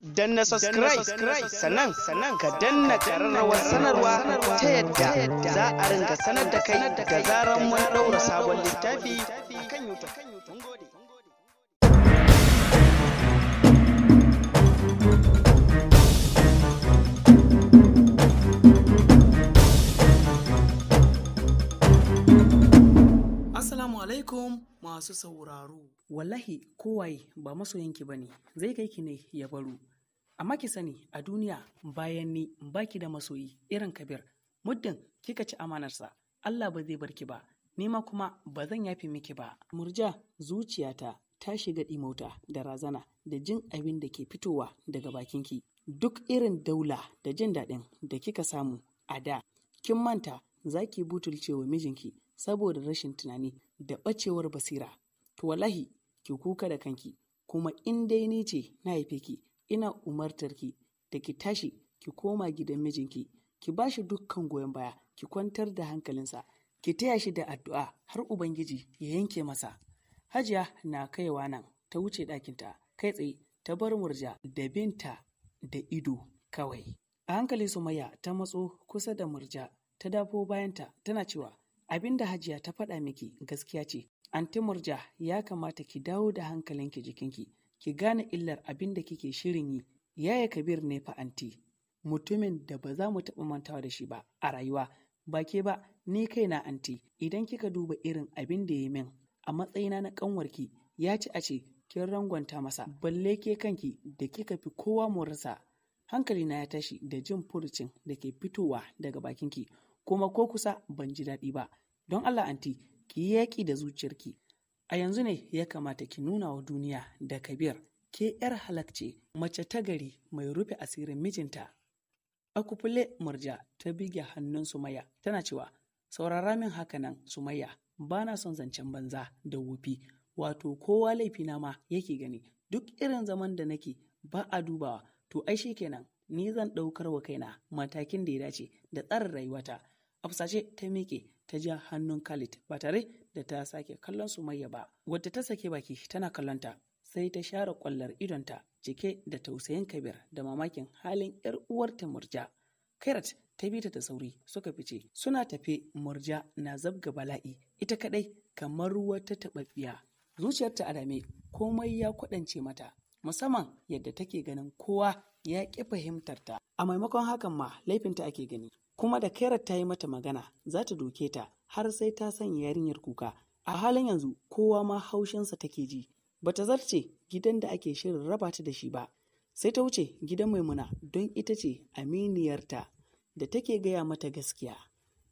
danna subscribe sannan sannan ka danna kararrawar sanarwa ta yadda za a ringa sanar da kai da zaran mun daura sabon littafi akan youtube alaikum masu sauraro. Wallahi kowaye ba masoyinki ba ne, zai kai ki ne ya baro. Amma ki sani a duniya bayan ni baki da masoyi irin kabir muddin kika ci amanarsa Allah ba zai bar ki ba ni ma kuma ba zan yafi miki ba. Murja zuciyata ta shiga ɗimauta da razana da jin abin da ke fitowa daga bakin ki. Duk irin daula da jin daɗin da kika samu a da kin manta za ki butulcewa mijinki saboda rashin tunani da ɓacewar basira. To wallahi ki kuka da kanki kuma in dai ni ce na haife ki ina umartar ki da ki tashi ki koma gidan mijinki ki ba shi dukkan goyon baya ki kwantar da hankalinsa ki taya shi da addu'a har ubangiji ya yanke masa hajiya na kaiwa nan ta wuce ɗakinta kai tsaye ta bar murja da binta da ido kawai a hankali sumaya ta matso kusa da murja ta dafo bayanta tana cewa abin da hajiya ta faɗa miki gaskiya ce anti murja ya kamata ki dawo da hankalinki jikinki ki gane illar abin da kike shirin yi yaya kabir ne fa anti mutumin da ba za mu taɓa mantawa da shi ba a rayuwa ba ke ba ni kaina anti idan kika duba irin abin da ya min a matsayina na kanwarki ya ci a ce kin rangwanta masa balle ke kanki da kika fi kowa Hankali na ya tashi da jin furucin da ke fitowa daga bakinki kuma ko kusa ban ji daɗi ba don Allah anti ki yi yaƙi da zuciyarki A yanzu ne ya kamata ki nuna wa duniya da Kabir ke 'yar halakci mace ta gari mai rufe asirin mijinta. A kufule murja ta bige hannun Sumaya tana cewa saurara min hakanan Sumaya ba na son zancen banza da wufi wato kowa laifina ma yake gani duk irin zaman da nake ba a dubawa to ai shi kenan ni zan ɗaukar wa kaina matakin da ya dace da tsarin rayuwata. A ta miƙe ta ja hannun Khalid ba tare da ta sake kallon Sumayya ba. Wadda ta sake baki tana kallonta sai ta share kwallar idonta cike da tausayin Kabir da mamakin halin 'yar uwarta Murja. Kairat ta bi ta da sauri suka fice suna tafe Murja na zabga bala'i ita kadai kamar wata ta taɓaɓɓiya. Zuciyarta a dame komai ya kwaɗance mata musamman yadda take ganin kowa ya ƙi fahimtarta a maimakon hakan ma laifinta ake gani kuma da kairar ta yi mata magana za ta doke ta har sai ta sanya yarinyar kuka a halin yanzu kowa ma haushinsa take ji ba ta zarce gidan da ake shirin raba ta da shi ba sai ta wuce gidan maimuna don ita ce aminiyarta da take gaya mata gaskiya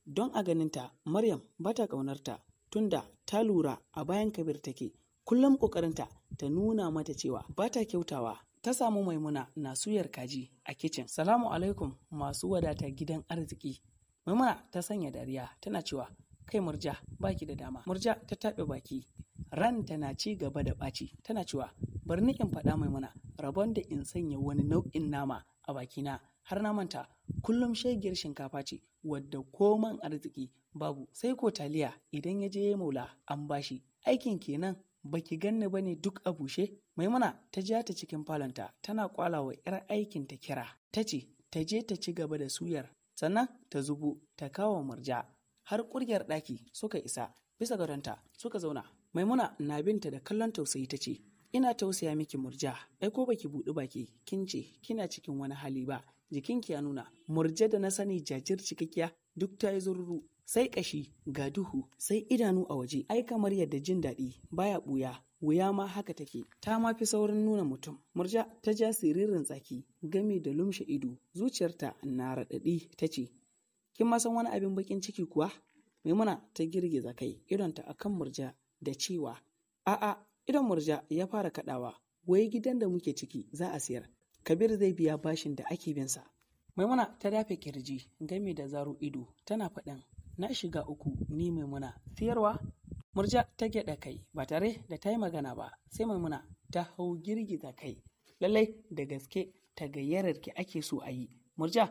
don a ganinta maryam ba bata ƙaunarta tunda ta lura a bayan kabir take kullum ƙoƙarinta ta nuna mata cewa ba ta kyautawa ta samu maimuna na suyar kaji a kicin salamu alaikum masu wadata gidan arziki maimuna ta sanya dariya tana cewa kai murja baki da dama murja ta taɓe baki ran tana ci gaba da ɓaci tana cewa bari ni in faɗa maimuna rabon da in sanya wani nau'in nama a bakina har na manta kullum shagiyar shinkafa ce wadda koman arziki babu sai ko taliya idan ya je ya maula an bashi aikin kenan baki ganni ba ne duk a bushe Maimuna ta ja ta cikin falonta tana kwalawa 'yar aikin ta kira. Ta ce ta je ta ci gaba da suyar sannan ta zubo ta kawo murja har ƙuryar ɗaki suka isa bisa gadonta suka zauna maimuna na binta da kallon tausayi ta ce ina tausaya miki murja ai ko baki buɗi baki kin ce kina cikin wani hali ba jikinki ya nuna murja da na sani jajir cikakkiya duk ta yi zururu sai ƙashi ga duhu sai idanu a waje ai kamar yadda jin daɗi baya ɓuya wuya ma haka take ta ma fi saurin nuna mutum murja ta ja siririn tsaki gami da lumshe ido zuciyarta na raɗaɗi ta ce kin ma san wani abin bakin ciki kuwa maimuna ta girgiza kai idonta akan murja da cewa a'a idon murja ya fara kaɗawa wai gidan da muke ciki za a siyar kabir zai biya bashin da ake bin sa. maimuna ta dafe kirji gami da zaro ido tana faɗin na shiga uku ni maimuna siyarwa Murja ta gyaɗa kai ba tare da ta yi magana ba sai Maimuna ta hau girgiza kai. Lallai da gaske ta gayyarar ki ake so a yi. Murja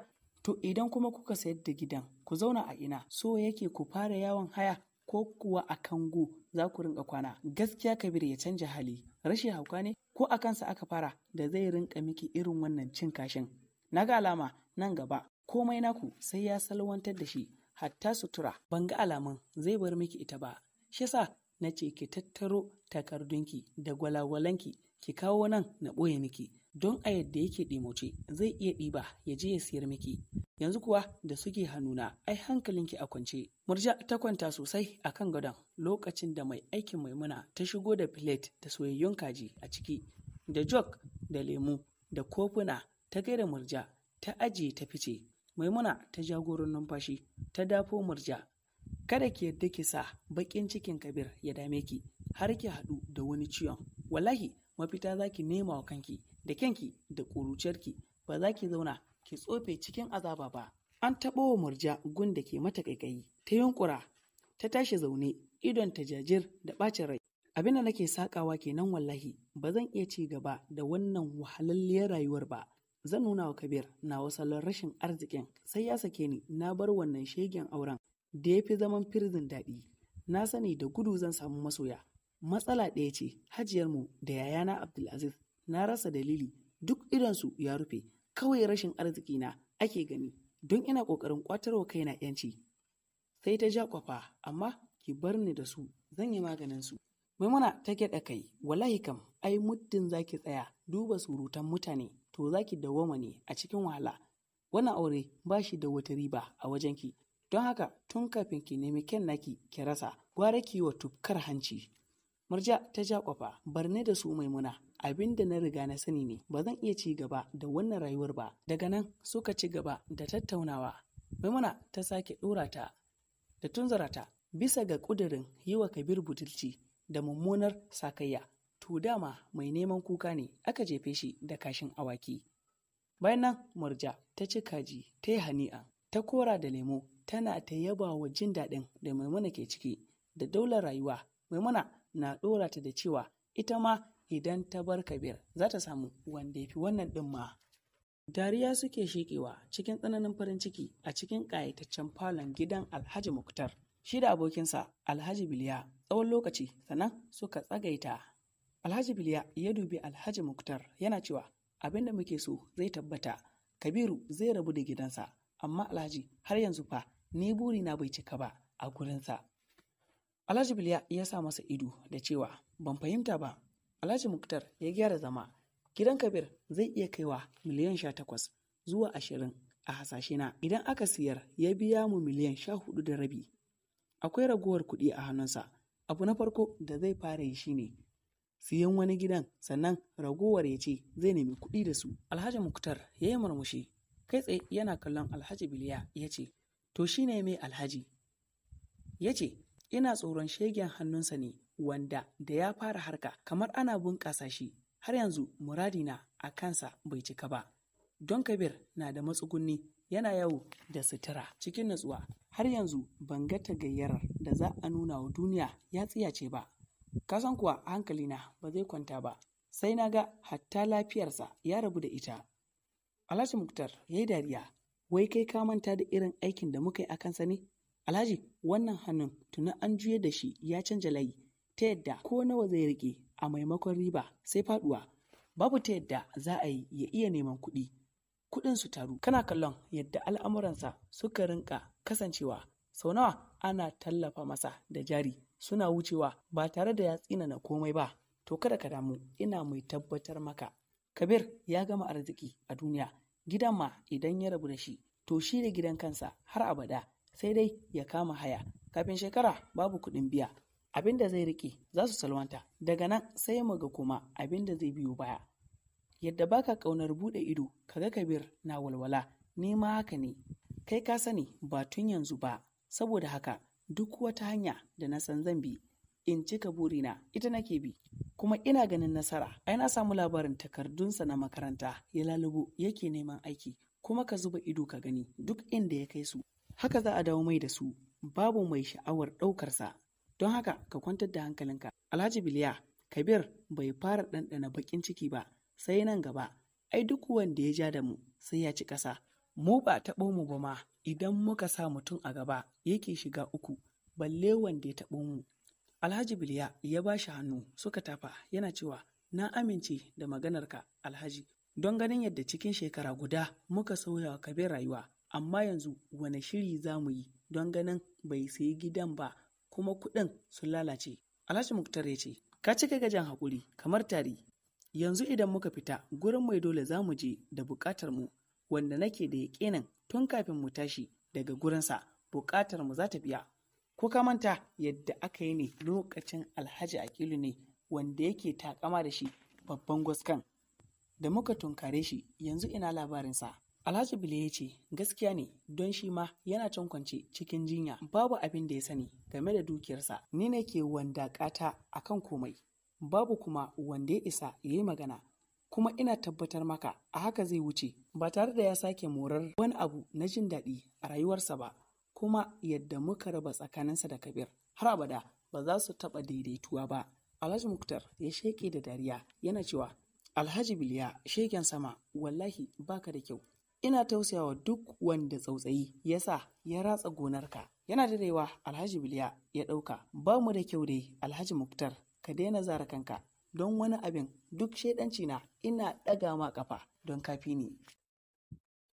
to idan kuma kuka sayar da gidan ku zauna a ina so yake ku fara yawon haya ko kuwa a kango za ku rinka kwana gaskiya kabir ya canja hali rashin hauka ne ko a kansa aka fara da zai rinka miki irin wannan cin kashin na ga alama nan gaba komai naku sai ya salwantar da shi hatta sutura ban ga alamun zai bar miki ita ba shi yasa na ce ki tattaro takardunki da gwalagwalanki ki kawo nan na ɓoye miki don a yadda yake ɗimoce zai iya ɗiba ya je ya siyar miki yanzu kuwa da suke hannuna ai hankalinki a kwance murja ta kwanta sosai a kan gadon lokacin da mai aikin maimuna ta shigo da filet da soyayyun kaji a ciki da jug da lemu da kofuna ta gaida murja ta ajiye ta fice maimuna ta jagoran numfashi ta dafo murja kada ki yadda ki sa baƙin cikin kabir ya dame ki har ki haɗu da wani ciwon wallahi mafita za ki nema wa kanki da kyanki da ƙuruciyarki ba za ki zauna ki tsofe cikin azaba ba an taɓo wa murja gun da ke mata ƙaiƙayi ta yunƙura ta tashi zaune idon ta jajir da ɓacin rai abin da nake sakawa kenan wallahi ba zan iya ci gaba da wannan wahalalliyar rayuwar ba zan nuna wa kabir na wasalon rashin arzikin sai ya sake ni na bar wannan shegen auren da ya fi zaman firzin daɗi na sani da gudu zan samu masoya matsala ɗaya ce hajiyarmu da yayana abdulaziz na rasa dalili duk idonsu ya rufe kawai rashin arziki na ake gani don ina ƙoƙarin ƙwatarwa kaina yanci sai ta ja kwafa amma ki bar ni da su zan yi maganin su maimuna ta gyaɗa kai wallahi kam ai muddin zaki tsaya duba surutan mutane to zaki dawoma ne a cikin wahala wannan aure ba shi da wata riba a wajenki Don haka tun kafin ki nemi kyan naki ki rasa gwara ki wa tufkar hanci. Murja ta ja kwafa ne da su maimuna abin da na riga na sani ne ba zan iya ci gaba da wannan rayuwar ba daga nan suka ci gaba da tattaunawa maimuna ta sake dora ta da tunzura ta bisa ga ƙudurin yi wa kabir butulci da mummunar sakayya to dama mai neman kuka ne aka jefe shi da kashin awaki bayan nan murja ta ci kaji ta yi hani'a ta kora da lemo tana ta yaba wa jin daɗin da maimuna ke ciki da daular rayuwa maimuna na ɗora ta da cewa ita ma idan ta bar kabir za ta samu wanda ya fi wannan ɗin ma dariya suke shekewa cikin tsananin farin ciki a cikin ƙayataccen falon gidan alhaji muktar shi da abokinsa alhaji biliya tsawon lokaci sannan suka tsagaita alhaji biliya ya dubi alhaji muktar yana cewa abin da muke so zai tabbata kabiru zai rabu da gidansa amma alhaji har yanzu fa ni buri na bai cika ba a gurinsa. Alhaji Biliya ya sa masa ido da cewa ban fahimta ba. Alhaji Muktar ya gyara zama. Gidan Kabir zai iya kaiwa miliyan sha takwas zuwa ashirin a hasashena idan aka siyar ya biya mu miliyan sha hudu da rabi. Akwai ragowar kuɗi a hannunsa. Abu na farko da zai fara yi shine siyan wani gidan sannan ragowar ya ce zai nemi kuɗi da su. Alhaji Muktar ya yi murmushi kai tsaye yana kallon Alhaji Biliya ya ce to shi ne mai alhaji ya ce ina tsoron shegen hannunsa ne wanda da ya fara harka kamar ana bunƙasa shi har yanzu muradina a kansa bai cika ba don kabir na da matsugunni yana yau da sutura cikin natsuwa har yanzu ban ga tagayyarar da za a nuna wa duniya ya tsiyace ba kasan kuwa hankalina ba zai kwanta ba sai na ga hatta lafiyarsa ya rabu da ita alhaji muktar ya yi dariya wai kai ka manta da irin aikin da muka yi a kansa ne alhaji wannan hannun tuna an juye da shi ya canja layi ta yadda ko nawa zai rike a maimakon riba sai faduwa babu ta yadda za a yi ya iya neman kuɗi kuɗin su taru kana kallon yadda al'amuransa suka rinka kasancewa sau nawa ana tallafa masa da jari suna wucewa ba tare da ya tsinana komai ba to kada ka damu ina mai tabbatar maka kabir ya gama arziki a duniya gidan ma idan ya rabu da shi to shi da gidan kansa har abada sai dai ya kama haya kafin shekara babu kuɗin biya abin da zai riƙe, za su salwanta daga nan sai mu ga kuma abin da zai biyo baya yadda baka ƙaunar buɗe ido kaga kabir na walwala ni ma haka ne kai ka sani ba tun yanzu ba saboda haka duk wata hanya da na san zan bi in cika burina ita nake bi kuma ina ganin nasara ai na samu labarin takardunsa na makaranta ya lalubo yake neman aiki kuma ka zuba ido ka gani duk inda ya kai su haka za a dawo mai da su babu mai sha'awar ɗaukarsa don haka ka kwantar da hankalinka alhaji biliya kabir bai fara ɗanɗana baƙin ciki ba sai nan gaba ai duk wanda ya ja da mu sai ya ci ƙasa mu ba taɓo mu ba ma idan muka sa mutum a gaba yake shiga uku balle wanda ya taɓo mu Alhaji Biliya ya ba shi hannu suka tafa yana cewa na amince da maganarka Alhaji don ganin yadda cikin shekara guda muka sauya wa kabin rayuwa amma yanzu wane shiri za mu yi don ganin bai sayi gidan ba kuma kuɗin sun lalace. Alhaji Muktar ya ce ka cika gajan hakuri, kamar tari yanzu idan muka fita gurin mai dole za mu je da buƙatar mu wanda nake da yaƙinin tun kafin mu tashi daga gurinsa buƙatar mu za ta biya ko ka manta yadda aka yi ne lokacin alhaji akilu ne wanda yake takama da shi babban gwaskan da muka tunkare shi yanzu ina labarinsa alhaji bile ya ce gaskiya ne don shi ma yana can kwance cikin jinya babu abin da ya sani game da dukiyarsa ni ne ke wanda kata akan komai babu kuma wanda ya isa ya yi magana kuma ina tabbatar maka a haka zai wuce ba tare da ya sake morar wani abu na jin daɗi a rayuwarsa ba kuma yadda muka raba tsakaninsa da kabir har abada ba za su taɓa daidaituwa ba alhaji muktar ya sheke da dariya yana cewa alhaji biliya sheken sama wallahi baka da kyau ina tausayawa duk wanda tsautsayi ya sa ya ratsa gonarka yana da darewa alhaji biliya ya ɗauka ba mu da kyau dai alhaji muktar ka daina zara kanka don wani abin duk shaidanci na ina ɗaga ma ƙafa don kafi ni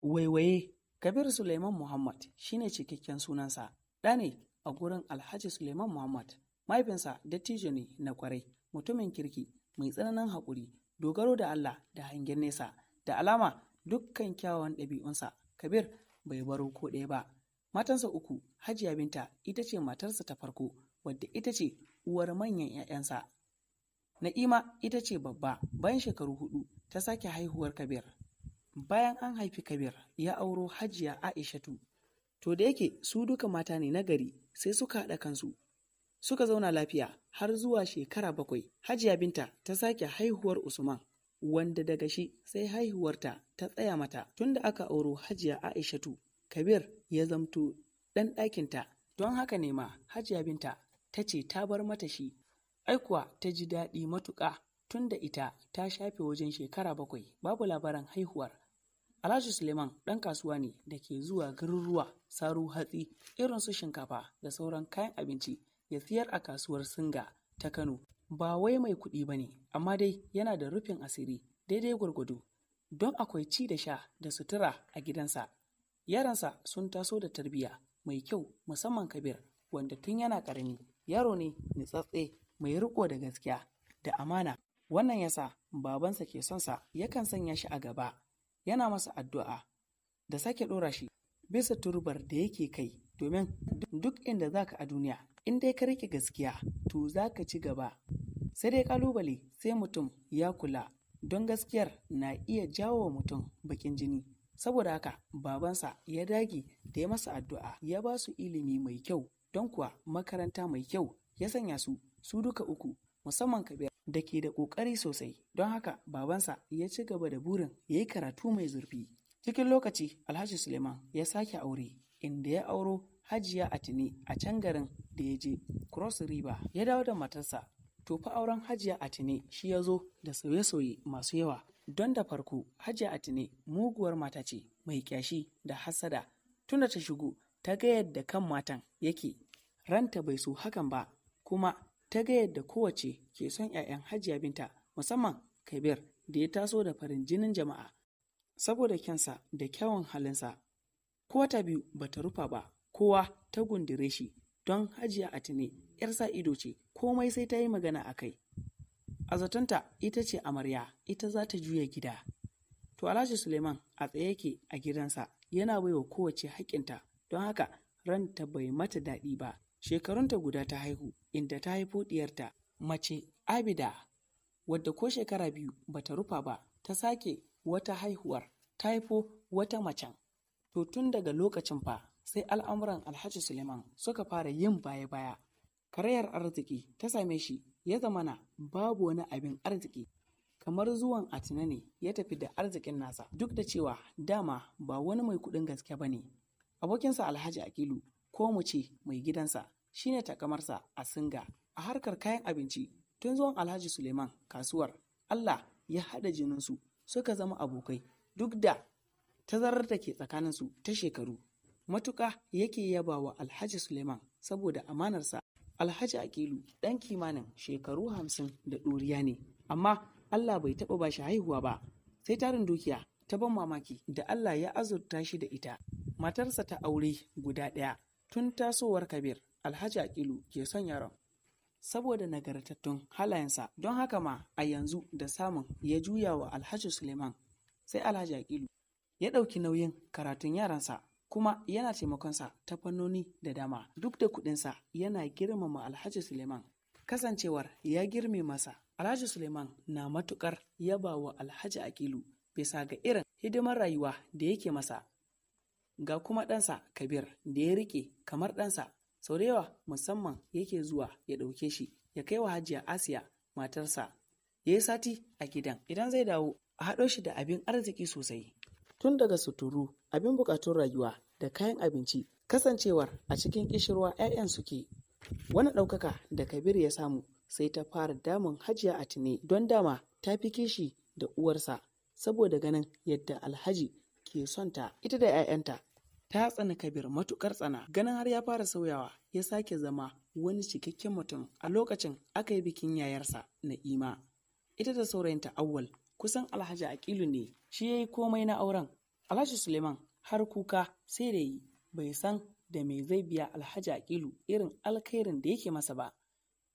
waiwaye Kabir Suleiman Muhammad shine cikakken sunansa, ɗa ne a gurin Alhaji Suleiman Muhammad. Mahaifinsa dattijo ne na kwarai, mutumin kirki, mai tsananin haƙuri, dogaro da Allah da hangen nesa, da alama dukkan kyawawan ɗabi'unsa. Kabir bai baro ko ɗaya ba. Matansa uku, Hajiya Binta ita ce matarsa ta farko, wadda ita ce uwar manyan 'ya'yansa. Na'ima ita ce babba, bayan shekaru hudu ta sake haihuwar Kabir. bayan an haifi kabir ya auro hajiya aishatu to da yake su duka mata ne na gari sai suka haɗa kansu suka zauna lafiya har zuwa shekara bakwai hajiya binta ta sake haihuwar usman wanda daga shi sai haihuwarta ta tsaya mata tunda aka auro hajiya aishatu kabir ya zamto ɗan ɗakinta don haka ne ma hajiya binta ta ce ta bar mata shi aikuwa ta ji daɗi matuƙa tunda ita ta shafe wajen shekara bakwai babu labaran haihuwar Alhaji Suleiman ɗan kasuwa ne da ke zuwa garuruwa saru hatsi irin su shinkafa da sauran kayan abinci ya siyar a kasuwar Singa ta Kano. Ba wai mai kuɗi ba ne, amma dai yana da rufin asiri daidai gwargwado don akwai ci da sha da sutura a gidansa. Yaransa sun taso da tarbiyya mai kyau musamman Kabir wanda tun yana ƙarami yaro ne nitsatse mai riko da gaskiya da amana. Wannan yasa babansa ke sonsa. yakan sanya shi a gaba yana masa addu'a da sake ɗora shi bisa turbar da yake kai domin duk inda za ka a duniya in dai ka rike gaskiya to za ka ci gaba sai dai kalubale sai mutum ya kula don gaskiyar na iya jawo wa mutum bakin jini saboda haka babansa ya dage da ya masa addu'a ya ba su ilimi mai kyau don kuwa makaranta mai kyau ya sanya su su duka uku musamman Kabir da ke da ƙoƙari sosai don haka babansa ya ci gaba da burin ya yi karatu mai zurfi. Cikin lokaci Alhaji Suleiman ya sake aure inda ya auro Hajiya a Atini a can garin da ya je Cross River ya dawo da matarsa. To fa auren Hajiya a Atini shi ya zo da sauye-sauye masu yawa don da farko Hajiya a Atini muguwar mata ce mai kyashi da hasada tunda ta shigo ta ga yadda kan matan yake ranta bai so hakan ba kuma ta ga yadda kowace ke son 'ya'yan hajiya binta musamman kabir da ya taso da farin jinin jama'a saboda kyansa da kyawun halinsa ko ta biyu ba ta rufa ba kowa ta gundire shi don hajiya a tuni yar sa ido ce komai sai ta yi magana a kai a zatonta ita ce amarya ita za ta juya gida to alhaji suleiman a tsaye yake a gidansa yana baiwa kowace haƙƙinta don haka ranta bai mata daɗi ba shekarunta guda ta haihu inda ta haifo ɗiyarta, mace abida wadda ko shekara biyu bata rufa ba ta sake wata haihuwar ta haifo wata macen to tun daga lokacin fa sai al'amuran alhaji suleiman suka fara yin baya-baya karayar arziki ta same shi ya zamana babu wani abin arziki kamar zuwan atina ne ya tafi da arzikin nasa duk da cewa dama ba wani mai kudin gaske ba ne abokinsa alhaji akilu ko mu ce mai gidansa shine takamarsa a singa a harkar kayan abinci tun zuwan alhaji suleiman kasuwar allah ya haɗa jininsu suka zama abokai duk da tazarar da ke tsakaninsu ta shekaru matuƙa yake yaba wa alhaji suleiman saboda amanarsa alhaji akilu ɗan kimanin shekaru hamsin da ɗoriya ne amma allah bai taɓa ba shi haihuwa ba sai tarin dukiya ta ban mamaki da allah ya azurta shi da ita matarsa ta aure guda ɗaya tun tasowar kabir Alhaji Akilu ke son yaron. Saboda nagartattun halayensa don haka ma a yanzu da samun ya juya wa Alhaji Suleiman sai Alhaji Akilu ya ɗauki nauyin karatun yaransa kuma yana taimakonsa ta fannoni da dama duk da kuɗinsa yana girmama Alhaji Suleiman kasancewar ya girme masa Alhaji Suleiman na matuƙar yaba wa Alhaji Akilu bisa ga irin hidimar rayuwa da yake masa ga kuma ɗansa Kabir da ya rike kamar ɗansa sau da yawa musamman yake zuwa ya ɗauke shi ya kai wa hajiya asiya matarsa ya yi sati a gidan idan zai dawo a haɗo shi da abin arziki sosai tun daga suturu abin buƙatun rayuwa da kayan abinci kasancewar a cikin ƙishirwa 'ya'yan suke wani ɗaukaka da kabir ya samu sai ta fara damun hajiya a tine don dama ta fi kishi da uwarsa saboda ganin yadda alhaji ke son ta ita da 'ya'yanta ta tsana kabir matukar tsana ganin har ya fara sauyawa ya sake zama wani cikakken mutum a lokacin aka yi bikin yayarsa na'ima ita da saurayinta awwal kusan alhaji aƙilu ne shi ya yi komai na auren alhaji suleiman har kuka sai da yi bai san da me zai biya alhaji Akilu irin alkhairin da yake masa ba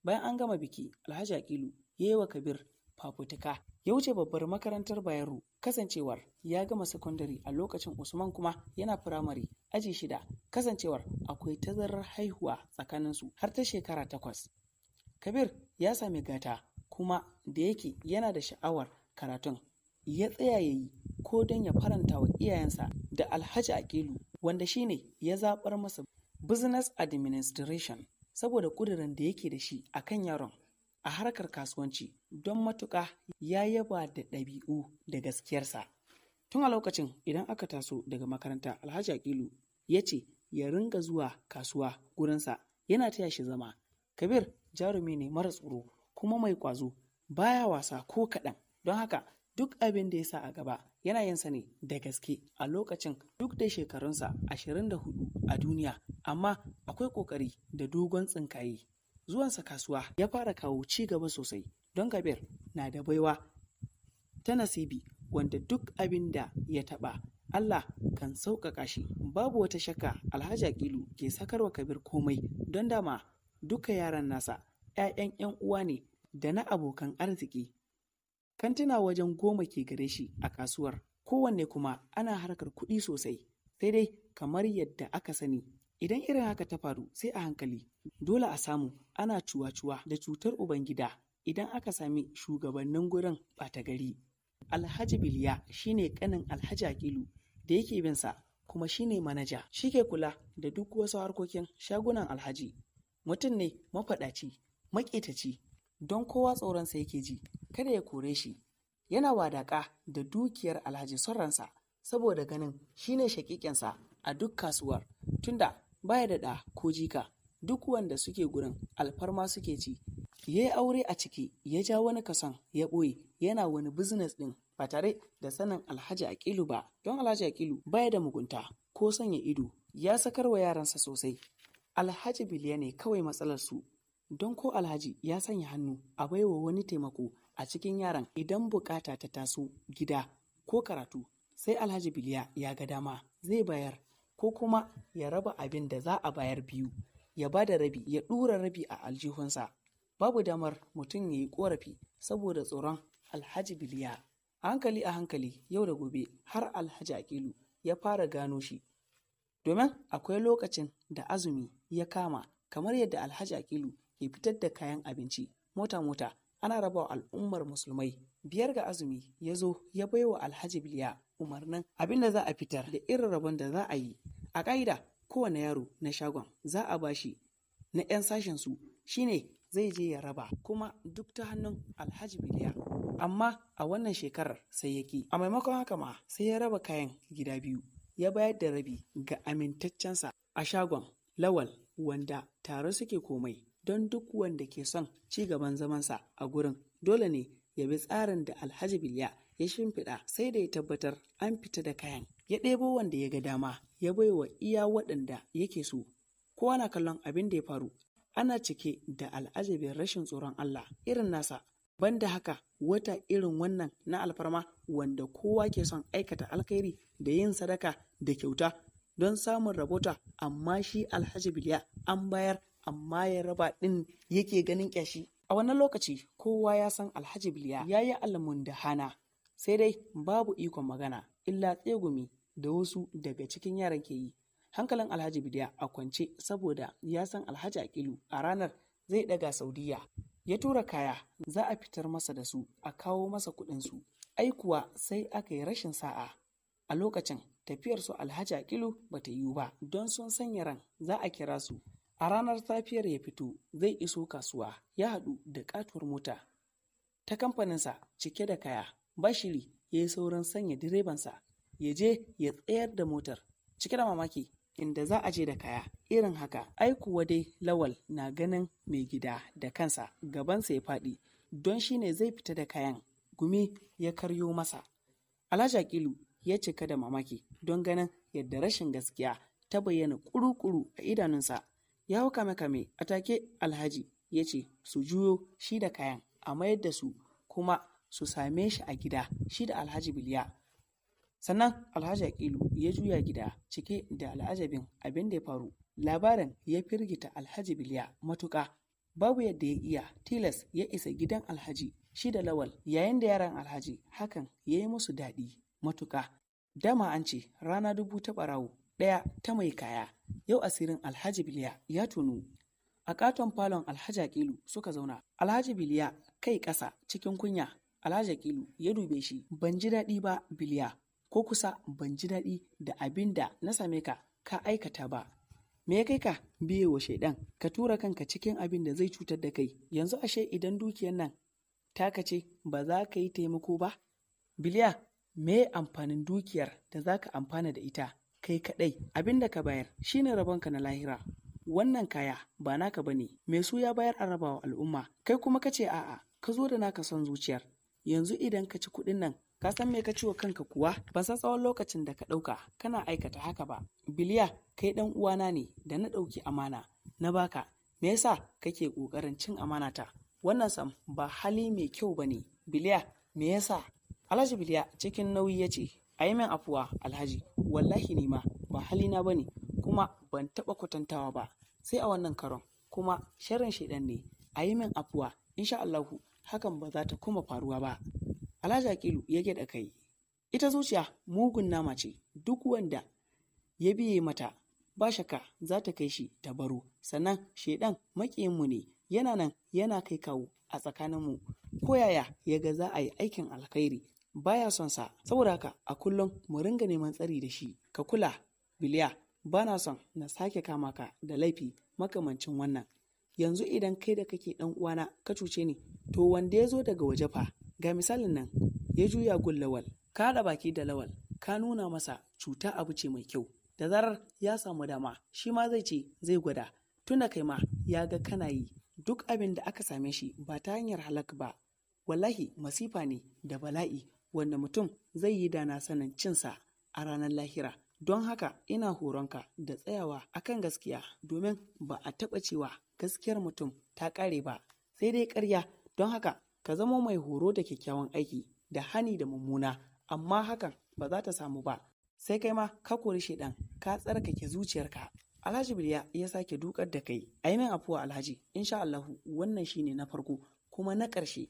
bayan an gama biki alhaji Akilu ya yi wa kabir fafutuka ya wuce babbar makarantar bayero kasancewar ya gama sakandare a lokacin usman kuma yana firamare aji shida kasancewar akwai tazarar haihuwa tsakaninsu har ta shekara takwas kabir ya sami gata kuma da yake yana da sha'awar karatun ya tsaya ya yi ko don ya faranta wa iyayensa da alhaji a akilu wanda shine ya zaɓar masa business administration saboda ƙudurin da yake da shi akan yaron a harkar kasuwanci don matuƙa ya yaba da ɗabi'u da gaskiyarsa. Tun a lokacin idan aka taso daga makaranta Alhaji Akilu ya ce ya ringa zuwa kasuwa gurinsa yana taya shi zama. Kabir jarumi ne mara tsoro kuma mai ƙwazo baya wasa ko kaɗan don haka duk abin da ya sa a gaba yana yin sa ne da gaske a lokacin duk da shekarunsa 24 a duniya amma akwai kokari da dogon tsinkaye zuwansa kasuwa ya fara kawo ci gaba sosai don gabir na da baiwa ta nasibi wanda duk abin da ya taɓa Allah kan sauƙaƙa shi babu wata shakka alhaji aƙilu ke sakarwa kabir komai don dama duka yaran nasa 'ya'yan 'yan uwa ne da na abokan arziki kantina wajen goma ke gare shi a kasuwar kowanne kuma ana harkar kuɗi sosai sai dai kamar yadda aka sani Idan irin haka ta faru sai a hankali, dole a samu ana cuwa-cuwa da cutar Ubangida idan aka sami shugabannin gurin ɓata gari. Alhaji Biliya shine kanin Alhaji Akilu da yake bin sa kuma shine manaja. Shi ke kula da duk wasu harkokin shagunan Alhaji. Mutum ne mafaɗaci, maƙetaci, don kowa tsoronsa yake ji, kada ya kore shi. Yana wadaƙa da dukiyar Alhaji sonransa saboda ganin shine shaƙiƙinsa a duk kasuwar tunda baya da ɗa ko jika duk wanda suke gurin alfarma suke ci ya yi aure a ciki ya ja wani kason ya ɓoye yana wani business ɗin ba tare da sanin alhaji akilu ba don alhaji akilu baya da mugunta ko sanya ido ya sakar wa yaransa sosai alhaji biliya ne kawai matsalar su don ko alhaji ya sanya hannu a baiwa wani taimako a cikin yaran idan bukata ta taso gida ko karatu sai alhaji biliya ya ga dama zai bayar ko kuma ya raba abin da za a bayar biyu ya ba da rabi ya ɗura rabi a aljihunsa babu damar mutum ya yi ƙorafi saboda tsoron alhaji biliya a hankali a hankali yau da gobe har alhaji akilu ya fara gano shi domin akwai lokacin da azumi ya kama kamar yadda alhaji akilu ke fitar da kayan abinci mota-mota ana rabawa al'ummar musulmai biyar ga azumi ya zo ya baiwa alhaji biliya umarnin abin da za a fitar da irin rabon da za a yi a ƙa'ida kowane yaro na shagon za a bashi na 'yan sashen su shine zai je ya raba kuma duk ta hannun alhaji biliya amma a wannan shekarar sai ya ki a maimakon haka ma sai ya raba kayan gida biyu ya bayar da rabi ga amintaccensa a shagon lawal wanda tare suke komai don duk wanda ke son ci gaban zamansa a gurin dole ne ya bi tsarin da alhaji biliya ya shimfiɗa sai da ya tabbatar an fita da kayan ya ɗebo wanda ya ga dama ya baiwa iya waɗanda yake so kowa na kallon abin da ya faru ana cike da al'ajabin rashin tsoron Allah irin nasa banda haka wata irin wannan na alfarma wanda kowa ke son aikata alkhairi da yin sadaka da kyauta don samun rabota amma shi alhaji biliya an bayar amma ya raba ɗin yake ganin ƙyashi a wannan lokaci kowa ya san alhaji biliya ya yi da hana sai dai babu ikon magana illa tsegumi da wasu daga cikin yaran ke yi hankalin alhaji bidiya a kwance saboda ya san alhaji akilu a ranar zai daga saudiya ya tura kaya za a fitar masa da su a kawo masa kuɗinsu ai kuwa sai aka yi rashin sa'a a lokacin tafiyar su alhaji akilu ba ta yiwu ba don sun sanya ran za a kira su a ranar safiyar ya fito zai iso kasuwa ya haɗu da katuwar mota ta kamfaninsa cike da kaya Bashiri ya yi sauran sanya direbansa ya je ya tsayar da motar. Cike da mamaki inda za a je da kaya irin haka ai kuwa dai lawal na ganin mai gida da kansa gabansa ya faɗi don shi ne zai fita da kayan gumi ya karyo masa. Alhaji Akilu ya cika da mamaki don ganin yadda rashin gaskiya ta bayyana kuru-kuru a idanunsa. Ya hau kame-kame a take Alhaji ya ce su juyo shi da kayan a mayar da su kuma su same shi a gida shi da alhaji biliya sannan alhaji aƙilu ya juya gida cike da al'ajabin abin da ya faru labarin ya firgita alhaji biliya matuƙa babu yadda ya iya tilas ya isa gidan alhaji shi da lawal yayin da yaran alhaji hakan ya yi musu daɗi matuƙa dama an ce rana dubu ta ɓarawo ɗaya ta mai kaya yau asirin alhaji biliya ya tunu a katon falon alhaji aƙilu suka zauna alhaji biliya kai ƙasa cikin kunya Alhaji Kilu ya dube shi, ban ji daɗi ba biliya, ko kusa ban ji daɗi da abin da na same ka ka aikata ba. Me ya kai ka biye wa shaidan ka tura kanka cikin abin da zai cutar da kai yanzu ashe idan dukiyar nan taka ce ba za ka yi taimako ba? Biliya, me amfanin dukiyar da za ka amfana da ita kai kaɗai abin da ka bayar shi shine rabonka na lahira. Wannan kaya ba naka ba ne, mai su ya bayar a rabawa al'umma, kai kuma ka ce a'a, ka zo da naka son zuciyar, yanzu idan ka ci kuɗin nan ka san me ka ci wa kanka kuwa ban san tsawon lokacin da ka ɗauka kana aikata haka ba biliya kai ɗan uwana ne da na ɗauki amana na baka me yasa kake ƙoƙarin cin amana ta? wannan sam ba hali mai kyau ba ne biliya me yasa alhaji biliya cikin nauyi ya ce a yi min afuwa alhaji wallahi ni ma ba halina ba ne kuma ban taɓa kwatantawa ba sai a wannan karon kuma sharin shaidan ne a yi min afuwa insha Allahu hakan ba za ta kuma faruwa ba alhaji akilu ya gyaɗa kai ita zuciya mugun nama ce duk wanda ya biye mata ba shaka za ta kai shi ta baro sannan shaidan mu ne yana nan yana kai kawo a tsakaninmu ko yaya ya ga za a yi aikin alkhairi baya son sa saboda haka a kullum mu ringa neman tsari da shi ka kula biliya bana son na sake kama ka da laifi makamancin wannan yanzu idan kai da kake dan uwana ka cuce ni to wanda ya zo daga waje fa ga misalin nan ya juya gun lawal ka haɗa baki da lawal ka nuna masa cuta abu ce mai kyau da zarar ya samu dama shi ma zai ce zai gwada tuna kai ma ya ga kana yi duk abin da aka same shi ba ta hanyar halak ba wallahi masifa ne da bala'i wanda mutum zai yi dana sanin cinsa a ranar lahira don haka ina horonka da tsayawa akan gaskiya domin ba a taɓa cewa gaskiyar mutum ta ƙare ba sai dai karya. don haka ka zama mai horo da kyakkyawan aiki da hani da mummuna amma hakan ba za ta samu ba sai kai ma ka kori shaidan ka tsarkake zuciyarka Alhaji Biliya ya sake dukar da kai a min afuwa Alhaji insha Allahu wannan shine na farko kuma na ƙarshe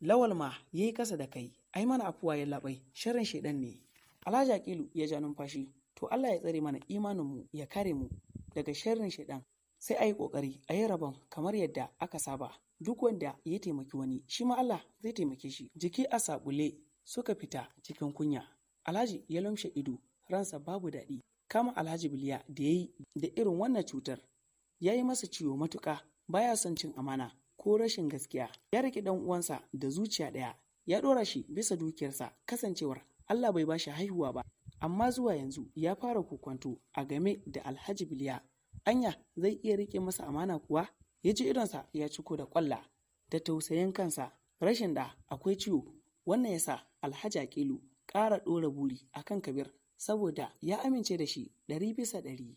lawal ma ya yi kasa da kai ai mana afuwa ya labai sharrin shaidan ne Alhaji Aqilu ya ja numfashi to Allah ya tsare mana imanin mu ya kare mu daga sharrin shaidan sai a yi ƙoƙari a yi rabon kamar yadda aka saba duk wanda ya taimaki wani shi ma Allah zai taimake shi jiki a saƙule suka fita cikin kunya alhaji ya lumshe ido ransa babu daɗi kama alhaji biliya da ya yi da irin wannan cutar ya yi masa ciwo matuƙa baya son cin amana ko rashin gaskiya ya riƙe ɗan uwansa da zuciya ɗaya ya ɗora shi bisa dukiyarsa kasancewar Allah bai ba shi haihuwa ba amma zuwa yanzu ya fara kokwanto a game da alhaji biliya anya zai iya rike masa amana kuwa ya ji idonsa ya ciko da kwalla da tausayin kansa rashin da akwai ciwo wannan ya sa alhaji akilu ƙara ɗora buri akan kabir saboda ya amince da shi ɗari bisa ɗari.